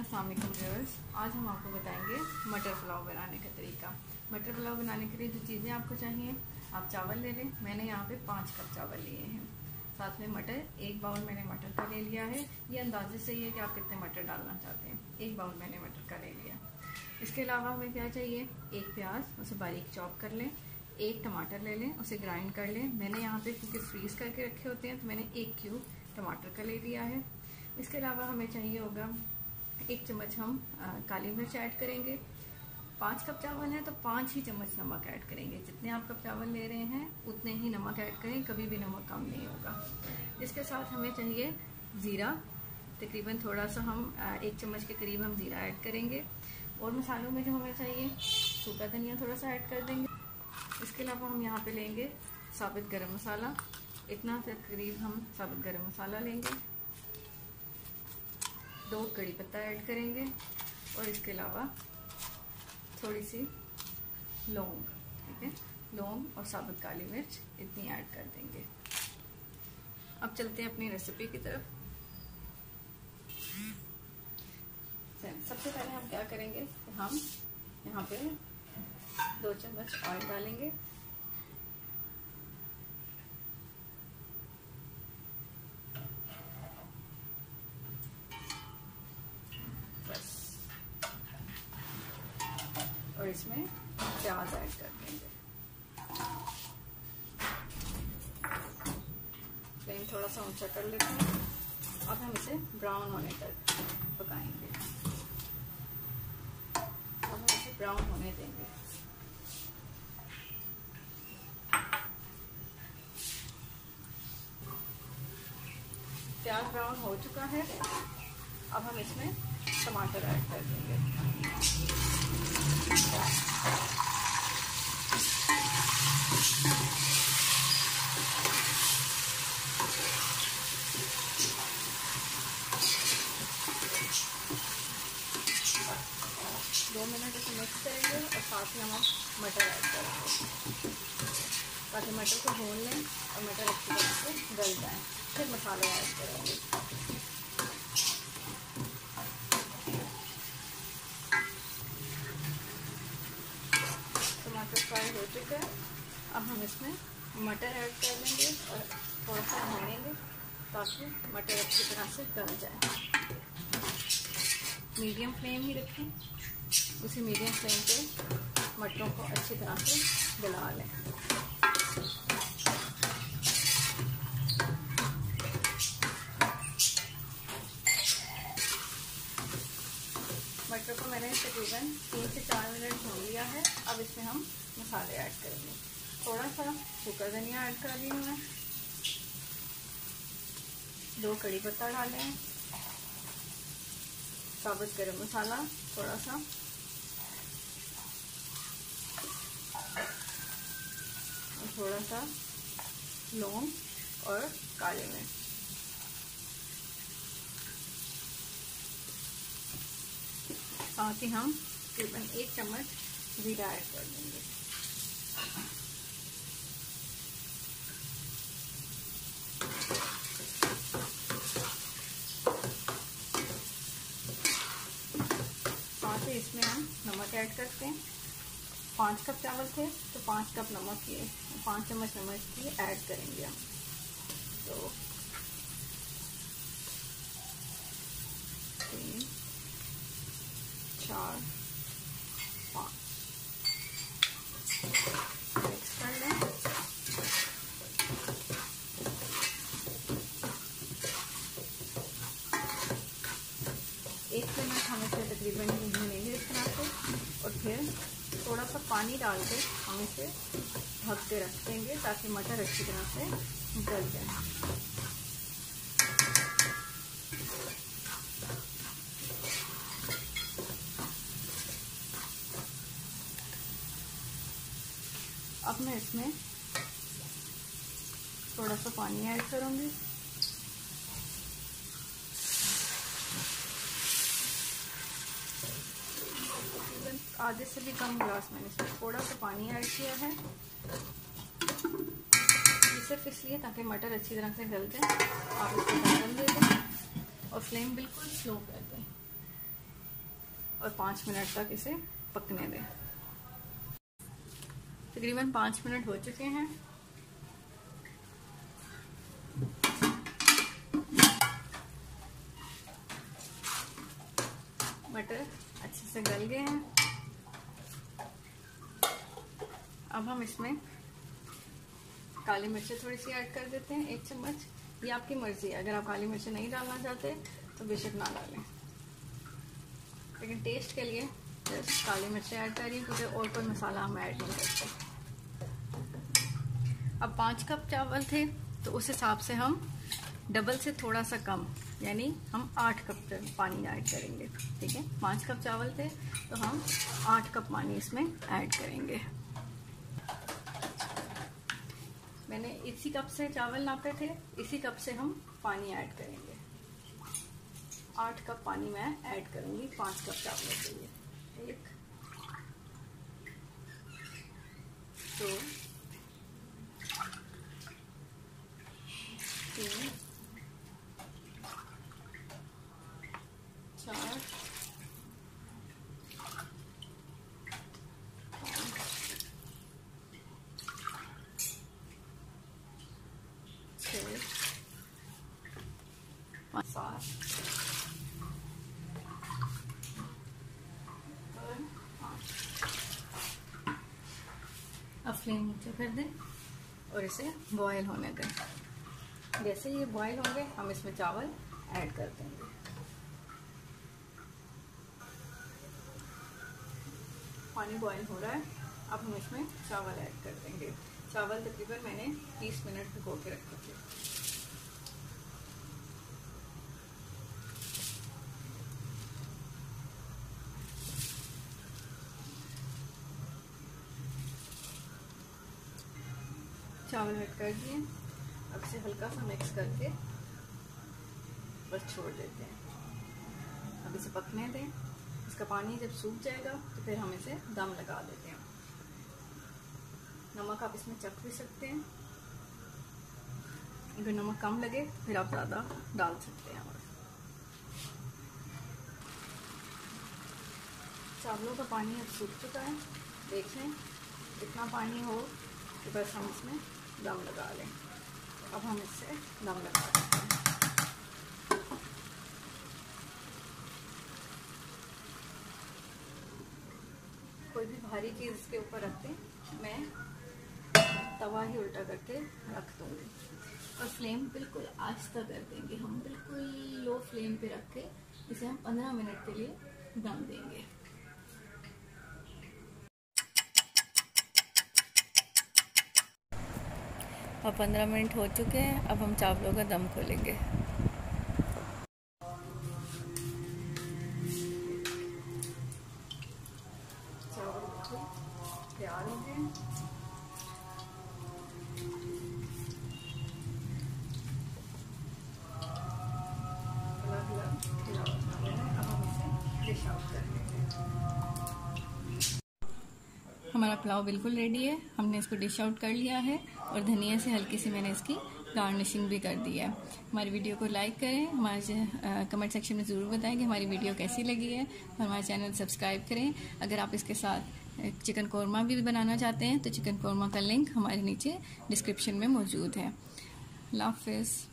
अस्सलाम वालेकुम व्यूअर्स आज हम आपको बताएंगे मटर पुलाव बनाने का तरीका मटर पुलाव बनाने के लिए जो चीज़ें आपको चाहिए आप चावल ले लें मैंने यहाँ पे पाँच कप चावल लिए हैं साथ में मटर एक बाउल मैंने मटर का ले लिया है ये अंदाजे से ही है कि आप कितने मटर डालना चाहते हैं एक बाउल मैंने मटर का ले लिया इसके अलावा हमें क्या चाहिए एक प्याज उसे बारीक चॉप कर लें एक टमाटर ले लें उसे ग्राइंड कर लें मैंने यहाँ पे क्योंकि फ्रीज़ करके रखे होते हैं तो मैंने एक क्यूब टमाटर का ले लिया है इसके अलावा हमें चाहिए होगा एक चम्मच हम काली मिर्च ऐड करेंगे पाँच कप चावल है तो पाँच ही चम्मच नमक ऐड करेंगे जितने आप कप चावल ले रहे हैं उतने ही नमक ऐड करें कभी भी नमक कम नहीं होगा इसके साथ हमें चाहिए ज़ीरा तकरीबन थोड़ा सा हम एक चम्मच के करीब हम ज़ीरा ऐड करेंगे और मसालों में जो हमें चाहिए सूखा धनिया थोड़ा सा ऐड कर देंगे इसके अलावा हम यहाँ पे लेंगे साबित गरम मसाला इतना से करीब हम साबित गरम मसाला लेंगे दो कड़ी पत्ता ऐड करेंगे और इसके अलावा थोड़ी सी लौंग ठीक है लौंग और साबुत काली मिर्च इतनी ऐड कर देंगे अब चलते हैं अपनी रेसिपी की तरफ सबसे पहले हम क्या करेंगे हम यहाँ पे दो चम्मच ऑयल डालेंगे इसमें प्याज ऐड कर देंगे फ्लेम थोड़ा सा ऊंचा कर लेते हैं अब हम इसे ब्राउन होने तक पकाएंगे अब हम इसे ब्राउन होने देंगे प्याज ब्राउन हो चुका है अब हम इसमें टमाटर ऐड कर देंगे दो मिनट इसे मिक्स करेंगे और साथ ही हम मटर ऐड करेंगे ताकि मटर को भून लें और मटर अच्छी तरह से गल जाए फिर मसाले ऐड करेंगे फ्राई हो चुका है अब हम इसमें मटर ऐड कर लेंगे और थोड़ा सा भूनेंगे ताकि मटर अच्छी तरह से गल जाए मीडियम फ्लेम ही रखें उसी मीडियम फ्लेम पे मटरों को अच्छी तरह से गला लें मटर को मैंने तकरीबन तीन से चार मिनट भून लिया है अब इसमें हम मसाले ऐड करेंगे थोड़ा सा सूखा धनिया ऐड कर रही हूँ मैं दो कड़ी पत्ता डाले साबुत गरम मसाला थोड़ा सा और थोड़ा सा लौंग और काले मिर्च साथ ही हम तकरीबन एक चम्मच जीरा कर देंगे साथ इसमें हम नमक ऐड करते हैं पाँच कप चावल थे तो पाँच कप नमक ये पाँच चम्मच नमक की ऐड करेंगे हम तो तीन चार से तकरीबन भूनेंगे इस तरह से और फिर थोड़ा सा पानी डाल के हम इसे ढक के रख देंगे ताकि मटर अच्छी तरह से गल जाए अब मैं इसमें थोड़ा सा पानी ऐड करूंगी आधे से भी कम ग्लास मैंने इसमें थोड़ा सा पानी ऐड किया है ये सिर्फ इसलिए ताकि मटर अच्छी तरह से गल जाए आप इसको ढक्कन दे दें और फ्लेम बिल्कुल स्लो कर दें और पाँच मिनट तक इसे पकने दें तकरीबन पाँच मिनट हो चुके हैं मटर अच्छे से गल गए हैं अब हम इसमें काली मिर्च थोड़ी सी ऐड कर देते हैं एक चम्मच ये आपकी मर्ज़ी है अगर आप काली मिर्च नहीं डालना चाहते तो बेशक ना डालें लेकिन टेस्ट के लिए काली मिर्चें ऐड करिए क्योंकि और कोई मसाला हम ऐड नहीं करते अब पाँच कप चावल थे तो उस हिसाब से हम डबल से थोड़ा सा कम यानी हम आठ कप पानी ऐड करेंगे ठीक है पाँच कप चावल थे तो हम आठ कप पानी इसमें ऐड करेंगे मैंने इसी कप से चावल नापे थे इसी कप से हम पानी ऐड करेंगे आठ कप पानी मैं ऐड करूंगी पांच कप चावलों के लिए एक दो तीन my sauce. अब फ्लेम नीचे कर दें और इसे बॉयल होने दें जैसे ये बॉयल होंगे हम इसमें चावल ऐड कर देंगे पानी बॉयल हो रहा है अब हम इसमें चावल ऐड कर देंगे चावल तकरीबन मैंने 30 मिनट भिगो के रखे थे चावल ऐड कर दिए अब इसे हल्का सा मिक्स करके बस छोड़ देते हैं अब इसे पकने दें इसका पानी जब सूख जाएगा तो फिर हम इसे दम लगा देते हैं नमक आप इसमें चख भी सकते हैं अगर नमक कम लगे तो फिर आप ज़्यादा डाल सकते हैं और चावलों का पानी अब सूख चुका है देख लें इतना पानी हो तो बस हम इसमें दम लगा लें अब हम इससे दम लगा देते हैं कोई भी भारी चीज़ इसके ऊपर रखते मैं तवा ही उल्टा करके रख दूँगी और फ्लेम बिल्कुल आस्था कर देंगे हम बिल्कुल लो फ्लेम पे रख के इसे हम 15 मिनट के लिए दम देंगे और पंद्रह मिनट हो चुके हैं अब हम चावलों का दम खोलेंगे हमारा पुलाव बिल्कुल रेडी है हमने इसको डिश आउट कर लिया है और धनिया से हल्की सी मैंने इसकी गार्निशिंग भी कर दी है हमारी वीडियो को लाइक करें हमारे कमेंट सेक्शन में ज़रूर बताएं कि हमारी वीडियो कैसी लगी है और हमारे चैनल सब्सक्राइब करें अगर आप इसके साथ चिकन कौरमा भी बनाना चाहते हैं तो चिकन कौरमा का लिंक हमारे नीचे डिस्क्रिप्शन में मौजूद है लाफिज़